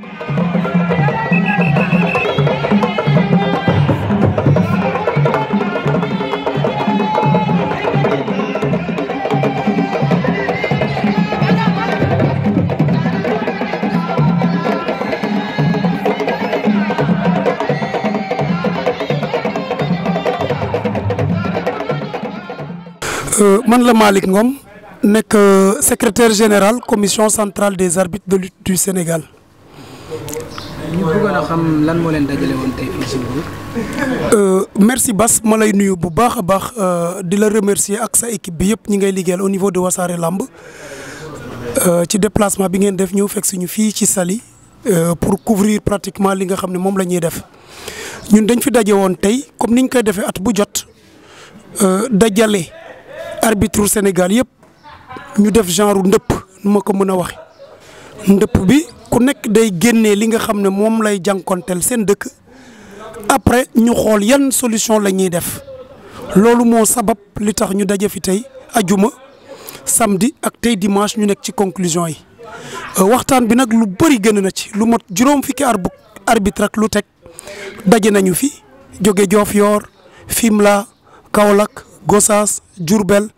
Euh, man la Malick Ngom nekk euh, secrétaire général commission centrale des arbitres de lutte du Sénégal ñu xam lan moo leen dajale euh, merci Bass ma lay nuyu bu baax a baax euh, di la remercier ak sa équipe bi yëpp ñi ngay liggéeyal au niveau de Wassare Lamb euh, ci déplacement bi ngeen def ñëw fekk suñu fii ci Saly pour couvrir pratiquement li nga xam ne moom la ñuy def ñun dañ fi daje woon tey comme niñ koy defee at bu jot dajale arbitre Sénégal yëpp ñu def genre ndëpp nu ma ko mën a waxee. ndëpp bi ku nekk day génnee li nga xam ne moom lay jànkonteel seen dëkk après ñu xool yan solution la ñuy def loolu moo sabab li tax ñu daje fi tey ajuma samedi ak tey dimanche ñu nekk ci conclusion yi euh, waxtaan bi nag lu bëri génn na ci lu mot juróom fukki arbu arbitre ak lu teg daje nañu fi jóge Diofior Fimela Kaolack Gossas jurbel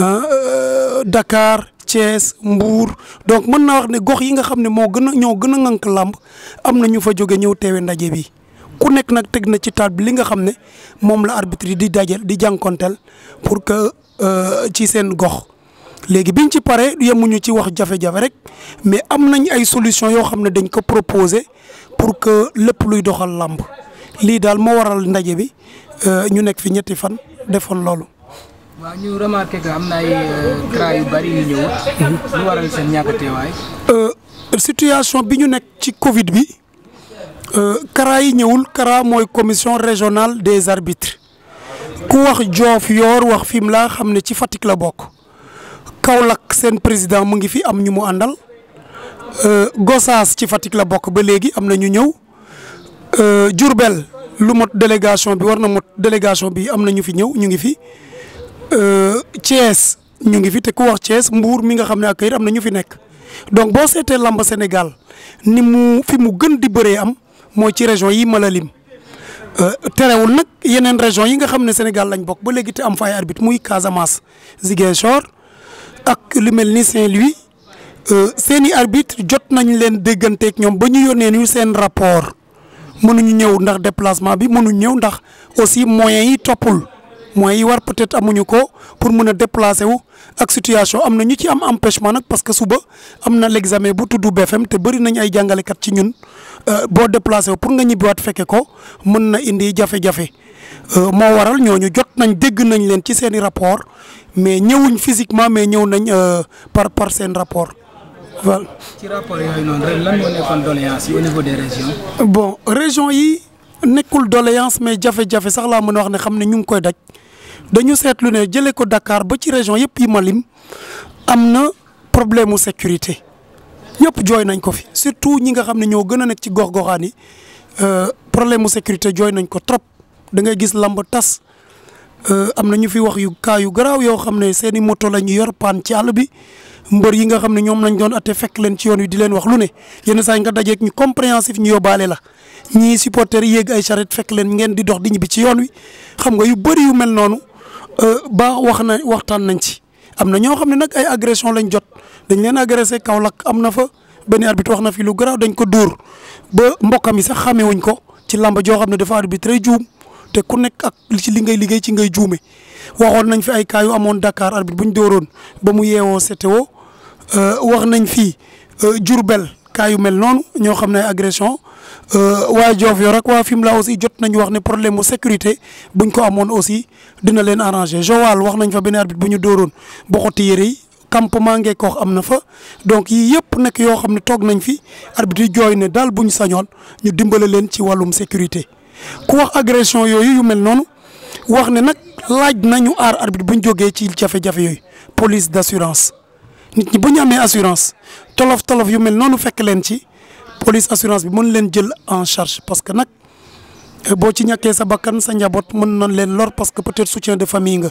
euh, dakaar Thiès Mbour donc mën na wax ne gox yi nga xam ne moo gën a ñoo gën a ŋànk làmb am na ñu fa jóge ñëw teewe ndaje bi ku nekk nag teg na ci taal bi li nga xam ne moom la arbitre di dajal di jànkonteel pour que euh, ci seen gox léegi biñ ci pare yemuñu ci wax jafe-jafe rek mais am nañ ay solution yoo xam ne dañ ko proposer pour que lépp luy doxal làmb lii daal moo waral ndaje bi euh, ñu nekk fi ñetti fan defoon loolu waaw ñu remarqué que am euh, yu bari yu ñëwut. seen ñàkk teewaay. Euh, situation bi ñu nekk ci Covid bi euh, CRA yi ñëwul CRA mooy commission régionale des arbitres ku wax Joof Yoor wax Fimela xam ne ci Fatick la bokk Kaolack seen président mu ngi fi am ñu mu àndal Gossas ci Fatick la bokk ba léegi am na ñu ñëw. Diourbel lu mot délégation bi war na mot délégation bi am na ñu fi ñëw ñu ngi fi Euh, Thiès ñu ngi fi te ku wax Thiès Mbour mi nga xam ne ak kayit am na ñu fi nekk donc boo seetee làmb Sénégal ni mu fi mu gën di bëree am mooy ci région yi mala lim euh, terewul nag yeneen région yi nga xam ne Sénégal lañ bokk ba léegi te am fa ay arbitre muy Casamance Ziguinchor ak lu mel ni Saint-Louis euh, seen i arbitre jot nañ leen dégganteeg ñoom ba ñu yónnee ñu seen rapport mënuñu ñëw ndax déplacement bi mënuñu ñëw ndax aussi moyens yi toppul. mooy yi war peut-être amuñu ko pour mun a déplacer wu ak situation am na ñu ci am empêchement nag parce que suba am na l'examen bu tudd BFM te bëri nañ ay jàngalekat ci ñun euh, boo déplacé wu pour nga ñibbiwaat fekke ko mën na indi jafe-jafe euh, moo waral ñu jot nañ dégg nañ leen ci seen i rapport mais ñëwuñ physiquement mais ñëw nañ euh, par par seen rapport voilà. ci rapport yooyu noonu ren lan moo nekkoon yi des régions. bon région yi nekkul doléance mais jafe-jafe sax laa mën a wax ne xam ne ñu ngi koy daj. dañu seetlu ne jëlee ko dakaar ba ci région yëpp yi malim am na problème mu sécurité ñëpp jooy nañ ko fi surtout ñi nga xam ne ñoo gën a nekk ci gox-goxaan yi euh, problème mu sécurité jooy nañ ko trop da ngay gis lamb tas euh, am na ñu fi wax yu kaa yu garaaw yoo xam ne seen i moto la ñu yor paan ci àll bi mbër yi nga xam ne ñoom lañ doon ate fekk leen ci yoon wi di leen wax lu ne yenn saa yi nga dajeeg ñu compréhensif ñu yóbbaale la ñii supporters yi yéeg ay charrette fekk leen ngeen di dox di ñibbi ci yoon wi xam nga yu bëri yu mel noonu. Euh, ba wax na waxtaan nañ ci am na ñoo xam ne nag ay agression lañ jot dañ leen kaw Kaolack am na fa benn arbitre wax na fi lu garaaw dañ ko dóor ba mbokkam mi sax xamee wuñ ko ci làmb joo xam ne dafa arbitre juum te ku nekk ak li ci li ngay liggéey ci ngay juume waxoon nañ fi ay cas yu amoon Dakar arbitre bu ñu dóoroon ba mu yeewoo CTO euh, wax nañ fi euh, Diourbel cas yu mel noonu ñoo xam ne ay agression Euh, waa Joof yor ak waa Fimela aussi jot nañu wax ne problème mu sécurité buñ ko amoon aussi dina leen arrangé Joal wax nañ fa benn arbitre bu ñu dóoroon boxoti yére yi campement Ngekoox am na fa donc yii yëpp nekk yoo xam ne toog nañ fi arbitre yi jooy ne daal bu ñu sañoon ñu dimbale leen ci wàllum sécurité ku wax agression yooyu yu mel noonu wax ne nag laaj nañu aar arbitre bu ñu jógee ci jafe-jafe yooyu police d'assurance nit ñi bu ñu amee assurance tolof tolof yu mel noonu fekk leen ci. police assurance bi mën leen jël en charge parce que nag eh, boo ci ñàkkee sa bakkan sa njaboot mën na leen lor parce que peut-être soutien de famille nga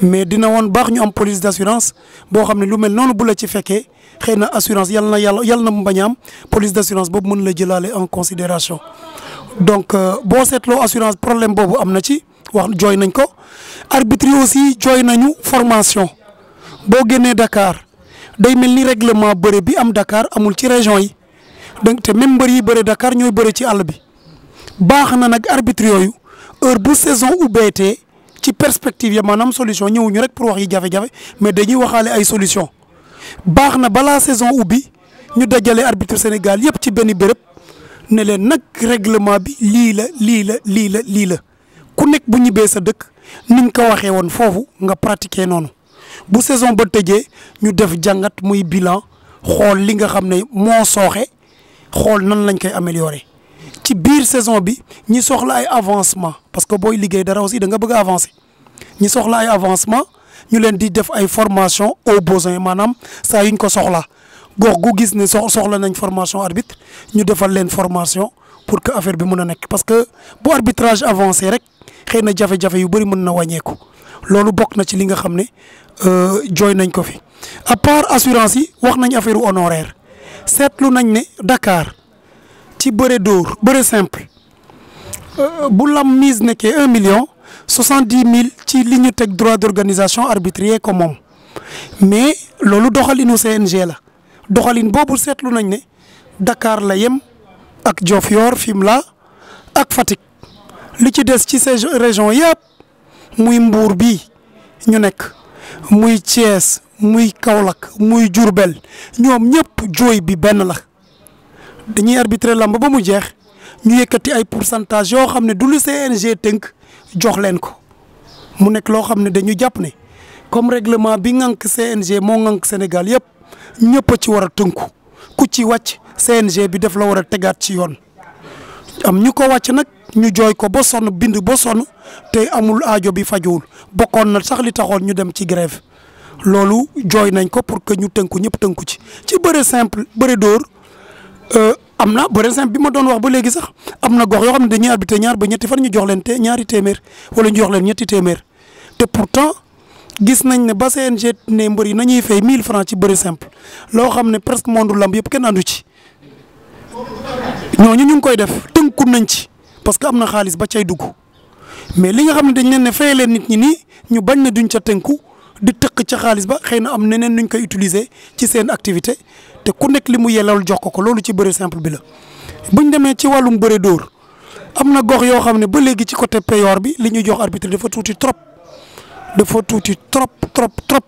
mais dina woon baax ñu am police d'assurance boo xam ne lu mel noonu bu la ci fekkee xëy na assurance yal na yàlla yal na mu bañ a am police d'assurance boobu mën la jëlaale en considération donc euh, boo seetloo assurance problème boobu am na ci wax jooy nañ ko arbitre aussi jooy nañu formation boo génnee Dakar day mel ni règlement bëre bi am Dakar amul ci région yi. donc te même mbër yi bëre Dakar ñooy bëre ci àll bi baax na nag arbitre yooyu heure bu saison ubbeetee ci perspective ya maanaam solution ñëwuñu rek pour wax yi jafe-jafe mais dañuy waxaale ay solution baax na balaa saison ubbi ñu dajale arbitre Sénégal yëpp ci benn béréb ne leen nag règlement bi lii la lii la lii la lii la ku nekk bu ñibbee sa dëkk niñ nga ko waxee woon foofu nga pratiquer noonu bu saison ba tëjee ñu def jàngat muy bilan xool li nga xam ne moo sooxe xool nan lañ koy améliorer ci biir saison bi ñi soxla ay avancement parce que booy liggéey dara aussi da nga bëgg a avancer ñi soxla ay avancement ñu leen di def ay formation aux besoins maanaam saa yuñ ko soxla gox gu gis ne sox soxla nañ formation arbitre ñu defal leen formation pour que affaire bi mun a nekk parce que bu arbitrage avancer rek xëy na jafe-jafe yu bëri mën na wàññeeku loolu bokk na ci li nga xam ne euh, jooy nañ ko fi à part assurance yi wax nañ affaire honoraire seetlu nañ ne dakaar ci bëre dóor bëre simple euh, bu lam mise nekkee million soixante dix mille ci li teg droit d' organisation arbitrier ko moom mais loolu doxalinu CNG la doxalin boobu seetlu nañ ne dakaar la yem ak Diofior Fimela ak fatik li ci des ci ces régions yëpp muy mbuur bi ñu nekk muy Thiès muy Kaolack muy Diourbel ñoom ñëpp jooy bi benn la dañuy arbitrer lamb ba mu jeex ñu yëkkati ay pourcentage yoo xam ne du lu CNG tënk jox leen ko mu nekk loo xam ne dañu jàpp ne comme règlement bi ngànk CNG moo ngànk Sénégal yëpp ñëpp a ci war a tënku ku ci wàcc CNG bi def la war a tegaat ci yoon am ñu ko wàcc nag ñu jooy ko ba sonn bind ba sonn te amul aajo bi fajuwul bokkoon na sax li taxoon ñu dem ci grève loolu jooy nañ ko pour que ñu tënku ñëpp tënku ci ci bëre simple bëre dóor euh, am na bëre simple bi ma doon wax ba léegi sax am na gox yoo xam ne dañuy arbitré ñaar ba ñetti fan ñu jox ñaari téeméer wala ñu jox leen ñetti téeméer te pourtant gis nañ ne ba ng ne mbër yi nañuy fay 1000 francs ci bëre simple loo xam ne presque monde lamb yëpp kenn àndu ci ñooñu ñu ngi koy def tënku nañ ci parce que am na xaalis ba cay dugg mais li nga xam ne dañ leen ne fay leen nit ñi nii ñu bañ na duñ ca tënku. di tëkk ca xaalis ba xëy na am neneen nuñ koy utiliser ci seen activité te ku nekk li mu yelal jox ko ko loolu ci bëre simple bi la. bu ñu demee ci wàllum bëre dóor am na gox yoo xam ne ba léegi ci côté Peyor bi li ñu jox arbitre dafa tuuti trop dafa tuuti trop trop trop.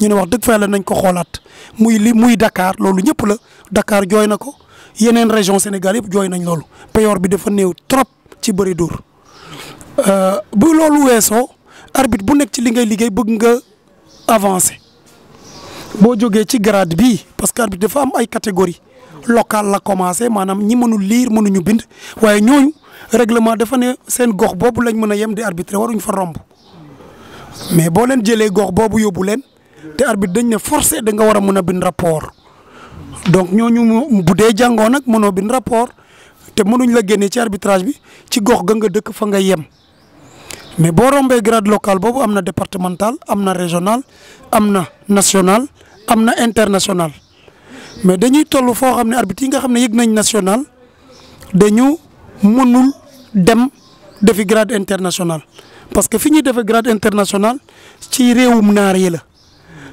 ñu ne wax dëgg fa yàlla nañ ko xoolaat muy li muy dakaar loolu ñëpp la dakaar jooy na ko yeneen région Sénégal yëpp jooy nañ loolu payoor bi dafa néew trop ci bëri dóor euh, bu loolu weesoo arbitre bu nekk ci li ngay liggéey bëgg nga avancé boo jógee ci grade bi parce que arbitre dafa am ay catégories locale la commencé maanaam ñi mënul liir mënuñu bind waaye ñooñu règlement dafa ne seen gox boobu lañ mën a yem di arbitre waruñ fa romb mais boo leen jëlee gox boobu yóbbu leen te arbitre dañ ne forcé da nga war a mën a bind rapport donc ñooñu bu dee jàngoo nag mënoo bind rapport te mënuñ la génnee ci arbitrage bi ci gox ga nga dëkk fa nga yem. mais boo rombee grade local boobu am na départemental am na régional am na national am na international mais dañuy toll foo xam ne arbitre yi nga xam ne yëg nañ national dañu mënul dem defi grade international parce que fi ñuy defee grade international ci réewum naar yi la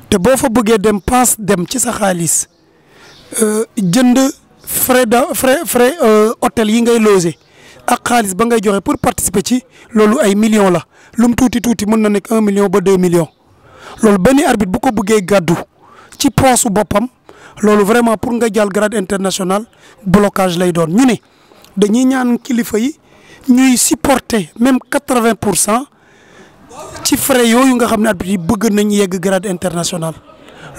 te boo fa bëggee dem paas dem ci sa xaalis euh, jënd frais de frais frais euh, hôtel yi ngay loger ak xaalis ba ngay joxe pour participer ci loolu ay millions la lum tuuti tuuti mën na nekk un million ba deux millions loolu benn arbitre bu ko bëggee gàddu ci poosu boppam loolu vraiment pour nga jàll grade international blocage lay doon ñu ne dañuy ñaan kilifa yi ñuy supporter même quatre-vingt pour cent ci frais yooyu nga xam ne arbitre yi bëgg nañ yegg grade international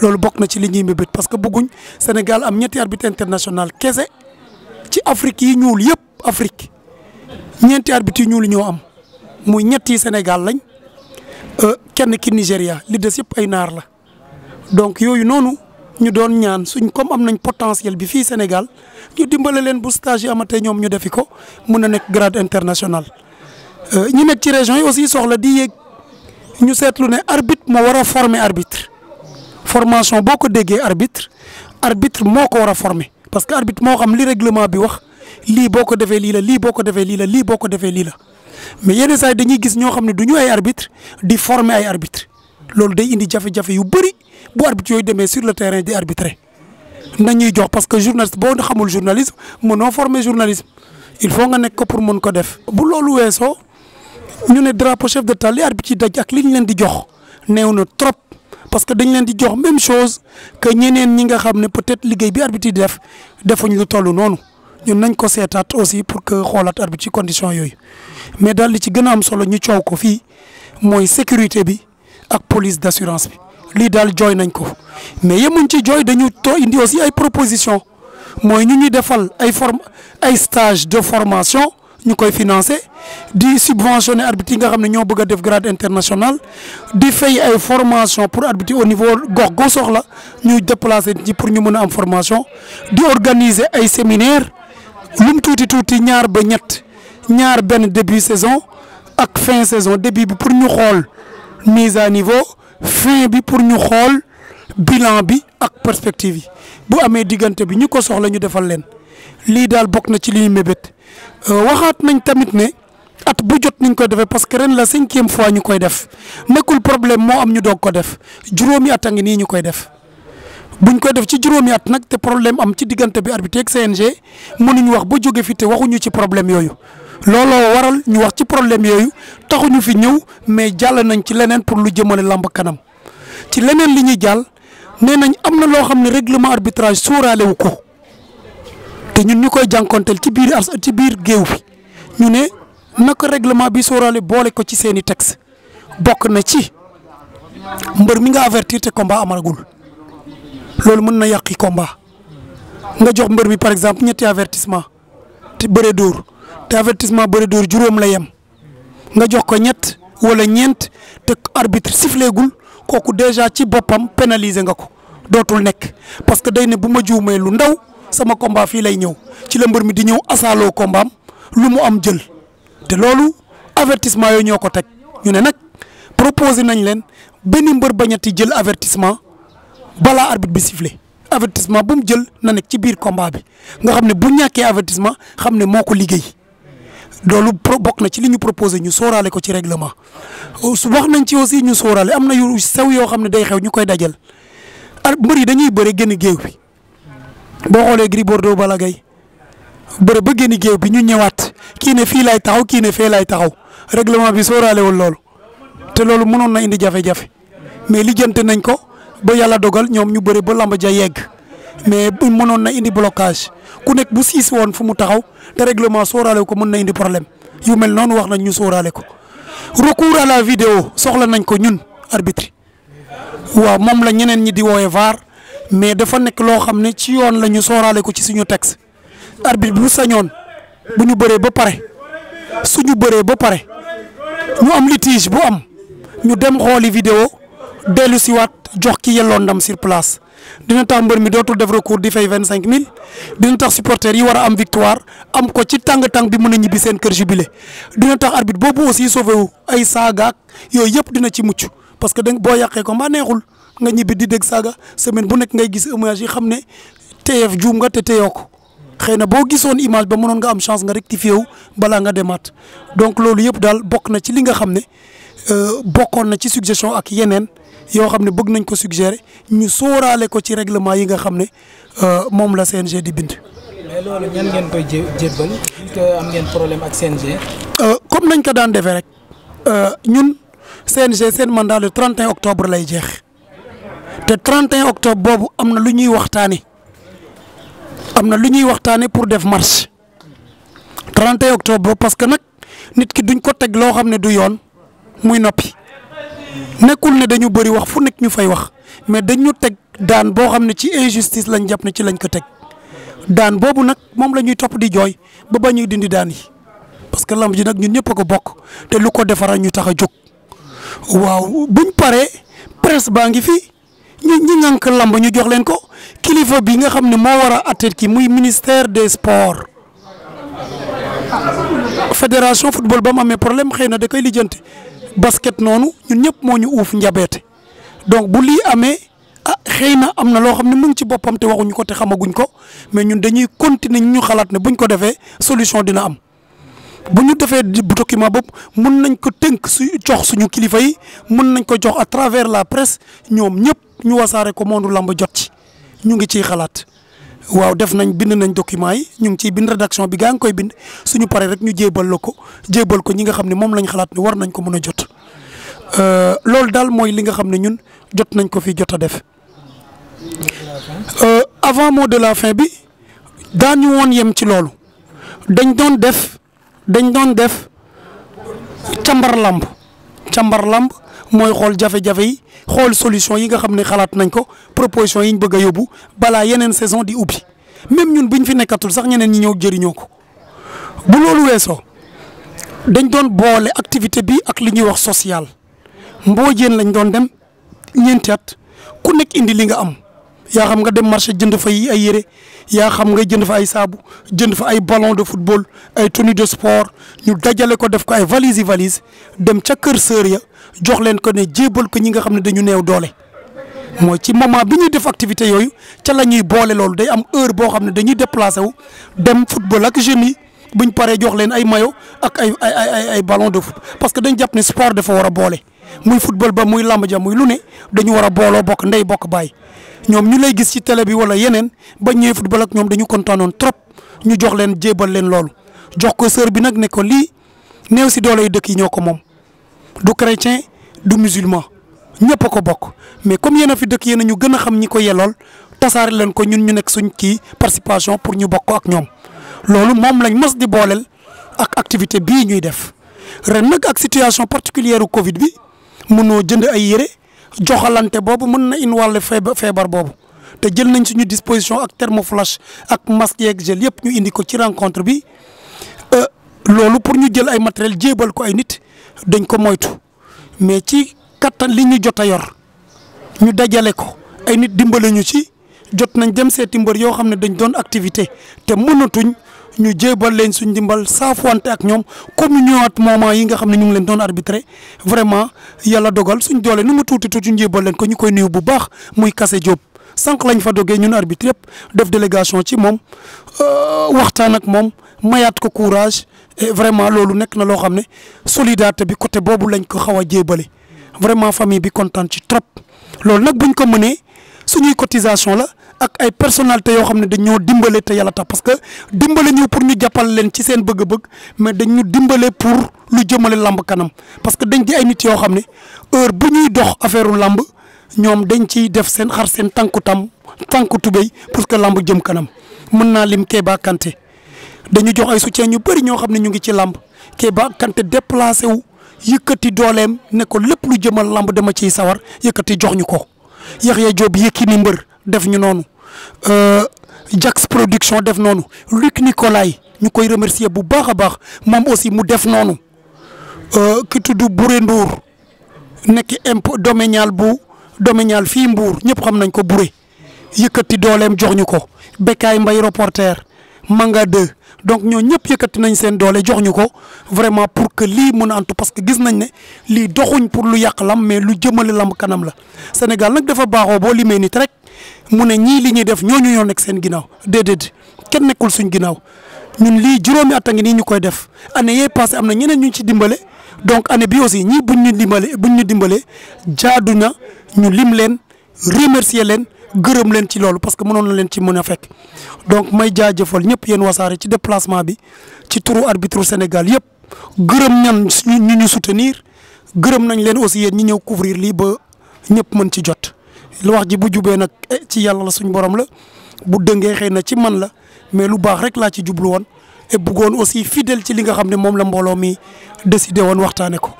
loolu bokk na ci li ñuy mbébét parce que bëgguñ Sénégal am ñetti arbitre international kese ci Afrique yi ñuul yëpp Afrique ñeenti arbitre yu ñuul ñoo am muy ñetti Sénégal lañ euh, kenn ki Nigéria li des ay naar la donc yooyu noonu ñu doon ñaan suñ comme am nañ potentiel bi fii Sénégal ñu dimbale leen bu stage yi amatee ñoom ñu defi ko mun a nekk grade international. Euh, ñu nekk ci région yi aussi soxla di yéeg ñu seetlu ne arbitre moo war a former arbitre formation boo ko déggee arbitre arbitre moo ko war a former parce que arbitre moo xam li règlement bi wax. lii boo ko defee lii la lii boo ko defee lii la lii boo ko defee lii la mais yenn saa dañuy gis ñoo xam ne du ñu ay arbitre di former ay arbitre loolu day indi jafe-jafe yu bëri bu arbitre yooyu demee sur le terrain di arbitrer ñuy jox parce que journaliste boo xamul journalisme mënoo former journalisme il faut nga nekk ko pour mën ko def. bu loolu weesoo ñu ne drapeau chef de l'État li arbitre yi daj ak li ñu leen di jox new na trop parce que dañ leen di jox même chose que ñeneen ñi nga xam ne peut-être liggéey bi arbitre yi def defuñ lu toll noonu. ñun nañ ko seetaat aussi pour que xoolaat arbitre ci condition yooyu mais daal li ci gën a am solo ñu coow ko fii mooy sécurité bi ak police d'assurance bi lii daal jooy nañ ko mais yemuñ ci jooy dañu to indi aussi ay proposition mooy ñu ñuy defal ay form ay stage de formation ñu koy financer di subventionner arbitre yi nga xam ne ñoo bëgg a def grade international di fay ay formation pour arbitre au niveau gox goo soxla ñu déplacer ci pour ñu mën a am formation di organiser ay séminaire lu mu tuuti tuuti ñaar ba ñett ñaar benn début saison ak fin saison début bi pour ñu xool mise à niveau fin bi pour ñu xool bilan bi ak perspective yi bu amee diggante bi ñu ko soxla ñu defal leen lii daal bokk na ci li mébét euh, waxaat nañ tamit ne at bu jot niñ koy defee parce que ren la cinquième fois ñu koy def nekkul problème moo am ñu doog ko def juróomi at a ngi nii ñu koy def bu ñu koy def ci juróomi at nag te problème am ci diggante bi arbitre ak CNG mënuñ wax ba jóge fi te waxuñu ci problème yooyu looloo waral ñu wax ci problème yooyu taxuñu fi ñëw mais jàll nañ ci leneen pour lu jëmale làmb kanam ci leneen li ñuy jàll nee nañ am na loo xam ne réglement arbitrage sóoraale wu ko te ñun ñu koy jànkonteel ci biir as ci biir géew bi ñu ne nak règlement bi sóoraale boole ko ci seeni texte bokk na ci mbër mi nga avertir te combat amagul. loolu mën na yàqi komba nga jox mbër mi par exemple ñetti avertissement te bëre dóor te avertissement bëre dóor juróom la yem nga jox ko ñett wala ñeent te arbitre sifleegul kooku déjà ci boppam pénaliser nga ko dootul nekk parce que day ne bu ma juumee lu ndaw sama combat fii lay ñëw ci la mbër mi di ñëw asaaloo combat lu mu am jël te loolu avertissement yooyu ñoo ko teg ñu ne nag proposé nañ leen benn mbër ba ñetti jël avertissement balaa arbitre bi sifflé avertissement bu mu jël na nekk ci biir combat bi nga xam ne bu ñàkkee avertissement xam ne moo ko liggéey doolu pro bokk na ci li ñu proposé ñu soorale ko ci règlement su wax nañ ci aussi ñu sóoraale am na yu sew yoo xam ne day xew ñu koy dajal ar mbër yi dañuy bëre génn géew bi boo xoolee Gris Balla Gaye bëre ba génn géew bi ñu ñëwaat kii ne fii laay taxaw kii ne fee laay taxaw règlement bi sóoraale wul loolu te loolu mënoon na indi jafe-jafe mais lijjante nañ ko. ba yàlla dogal ñoom ñu bëri ba lamba ja yegg mais mënoon na indi blocage ku nekk bu siis woon fu mu taxaw te règlement sóoraale ko mën na indi problème yu mel noonu wax nañ ñu sóoraale ko recours à la vidéo soxla nañ ko ñun arbitre waaw moom la ñeneen ñi di wooye VAR mais dafa nekk loo xam ne ci yoon la ñu sóoraale ko ci suñu texte arbitre bu sañoon bu ñu bëree ba pare suñu bëree ba pare ñu am litige bu am ñu dem xooli vidéo dellu siwaat jox ki yelloon ndam sur place dina tax mbër mi dootul def recours di fay vingt cinq mille dina tax supporters yi war a am victoire am ko ci tàng-tàng bi mën a ñibbi seen kër jubilé dina tax arbitre boobu aussi sauvé wu ay saagaak yooyu yëpp dina ci mucc parce que da boo yàqee ko mbaa neexul nga ñibbi di deg saaga semaine bu nekk ngay gis image yi xam ne teyeef juum nga te teyoo ko xëy na boo gisoon image ba mënoon nga am chance nga rectifié wu balaa nga demaat donc loolu yëpp daal bokk na ci li nga xam ne euh, bokkoon na ci suggestion ak yeneen yoo xam ne bëgg nañ ko suggérer ñu sooraale ko ci règlement yi nga xam ne euh, moom la CNG di bind. mais loolu ñan ngeen koy jébbal que ngeen problème ak CNG. Euh, comme nañ ko daan defee rek euh, ñun CNG seen mandat le 31 octobre lay jeex te 31 octobre boobu am na lu ñuy waxtaanee am na lu ñuy waxtaanee pour def marche 31 octobre parce que nag nit ki duñ ko teg loo xam ne du yoon muy noppi. nekkul ne dañu bëri wax fu nekk ñu fay wax mais dañu teg daan boo xam ne ci injustice lañ jàpp ne ci lañ ko teg daan boobu nag moom la ñuy topp di jooy ba ba ñuy dindi daan yi parce que lamb ji nag ñun ñëpp ko bokk te lu ko defara ñu tax a jóg waaw buñ paree presse baa ngi fi ñu ñi ngànk lamb ñu jox leen ko kilifa bi nga xam ne moo war a atteet ki muy ministère des sports fédération football ba mu amee problème xëy na da koy lijjanti basket noonu ñun ñëpp moo ñu uuf njabeete donc bu lii amee ah xëy na am na loo xam ne mu ngi ci boppam te waxuñu ko te xamaguñ ko mais ñun dañuy continuer ñu xalaat ne buñ ko defee solution dina am bu ñu defee document boobu mun nañ ko tënk su jox suñu kilifa yi mun nañ ko jox à travers la presse ñoom ñëpp ñu wasaare ko mondu lamb jot ci ñu ngi ciy xalaat. waaw def nañ bind nañ document yi ñu ngi ciy bind rédaction bi gaa ngi koy bind suñu paree rek ñu jéebal la ko jéebal ko ñi nga xam ne moom lañ xalaat ne war nañ ko mën a jot euh, loolu daal mooy li nga xam ne ñun jot nañ ko fi jot a def. Euh, avant mot de la fin bi daañu woon yem ci loolu dañ doon def dañ doon def cambar làmb cambar làmb mooy xool jafe-jafe yi xool solution yi nga xam ne xalaat nañ ko proposition yi ñu bëgg a yóbbu balaa yeneen saison di ubbi même ñun bu ñu fi nekkatul sax ñeneen ñi ñoo jëriñoo ko bu loolu weesoo dañ doon boole activité bi ak li ñuy wax social Mbodiène lañ doon dem ñeenti at ku nekk indi li nga am yaa xam nga dem marché jënd fa yi ay yére yaa xam nga jënd fa ay saabu jënd fa ay ballon de football ay tenue de sport ñu dajale ko def ko ay valise yi valise dem ca kër sœur ya jox leen ko ne jébal ko ñi nga xam ne dañu neew doole mooy ci moment bi ñuy def activité yooyu ca la ñuy boole loolu day am heure boo xam ne dañuy déplacé wu dem football ak jeunes yi buñ paree jox leen ay maillot ak ay ay ay ay ballon de foot parce que dañ jàpp ne sport dafa war a boole muy football ba muy làmb muy lu ne dañu war a booloo bokk ndey bokk baay ñoom ñu lay gis ci télé bi wala yeneen ba ñëwee football ak ñoom dañu kontaanoon trop ñu jox leen jéebal leen loolu jox ko sër bi nag ne ko lii néew si doole yu dëkk yi ñoo ko moom du chrétien du musulman ñëpp a ko bokk mais comme yéen a fi dëkk yéen a ñu gën a xam ñi ko yelool tasaare leen ko ñun ñu nekk suñ kii participation pour ñu bokk ak ñoom loolu moom lañ mas di booleel ak activité bii ñuy def ren nag ak situation particulière Covid bi mënoo jënd ay yére. joxalante boobu mën na in wàll feebar feebar boobu te jël nañ suñu disposition ak thermoflash ak masque yeeg gel yëpp ñu indi ko ci rencontre bi euh, loolu pour ñu jël ay matériel jéebal ko ay nit dañ ko moytu mais ci kattan li ñu jot a yor ñu dajale ko ay nit dimbale ñu ci jot nañ dem seeti mbari yoo xam ne dañ doon activité te mënatuñ ñu jéebal leen suñ dimbal saafuwante ak ñoom comme ñu ñëwaat moment yi nga xam ne ñu ngi leen doon arbitré vraiment yàlla dogal suñ doole nu mu tuuti tuuti ñu jéebal leen ko ñu koy nuyu bu baax muy kase Diop sànq lañ fa dogee ñun arbitre yëpp def délégation ci moom euh, waxtaan ak moom mayaat ko courage et vraiment loolu nekk na loo xam ne solidarité bi côté boobu lañ ko xaw a jéebale vraiment famille bi kontaan ci trop loolu nag buñ ko mënee suñuy cotisation la ak ay personnalité yoo xam ne dañoo dimbale te yàlla tax parce que dimbale ñu pour ñu jàppal leen ci seen bëgg-bëgg mais dañu ñu dimbale pour lu jëmale làmb kanam parce que dañ ay nit yoo xam ne heure bu ñuy dox affaireu làmb ñoom dañ ciy def seen xar seen tànku tam tànku tubéy pour que làmb jëm kanam mën naa lim Kéba Kanté dañu jox ay soutien ñu bëri ñoo xam ne ñu ngi ci làmb Kéba Kanté déplacé wu yëkkati dooleem ne lépp lu jëmal làmb dama ciy sawar yëkkati jox ñu ko Yaxya Joob yëkki mbër def ñu noonu Euh, Jax production def noonu Luc Nicolaï ñu koy remercier bu baax a baax moom aussi mu def noonu euh, ki tudd Bouré Ndour nekk imp doméñal bu doméñal fii Mbour ñëpp xam nañ ko Bouré yëkkati doolem jox ñu ko Bekaay Mbay reporter Manga 2 donc ñoo ñëpp yëkkati nañ seen doole jox ñu ko vraiment pour que lii mën a antu parce que gis nañ ne lii doxuñ pour lu yàq lam mais lu jëmale lam kanam la Sénégal nag dafa baaxoo boo limee nit rek. mu ne ñii li ñuy def ñoo ñoo nekk seen ginnaaw déedéet kenn nekkul suñ ginnaaw ñun lii juróomi at ngi nii ñu koy def année yee passé am na ñeneen ñu ci dimbale donc année bi aussi ñii buñ ñu dimbale buñ ñu dimbale jaadu na ñu lim leen remercier leen gërëm leen ci loolu parce que mënoon na leen ci mën a fekk donc may jaajëfal ñëpp yéen wasaare ci déplacement bi ci turu arbitre Sénégal yëpp gërëm ñan ñu ñu soutenir gërëm nañ leen aussi yéen ñu ñëw couvrir lii ba ñëpp mën ci jot. lu wax ji bu jubee nag eh, ci yàlla la suñ borom la bu dëngee xëy na ci man la mais lu baax rek laa ci jublu woon et bëggoon aussi fidèle ci li nga xam ne moom la mbooloo mi décidé woon waxtaane ko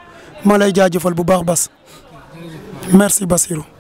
ma lay jaajëfal bu baax Bas merci Basirou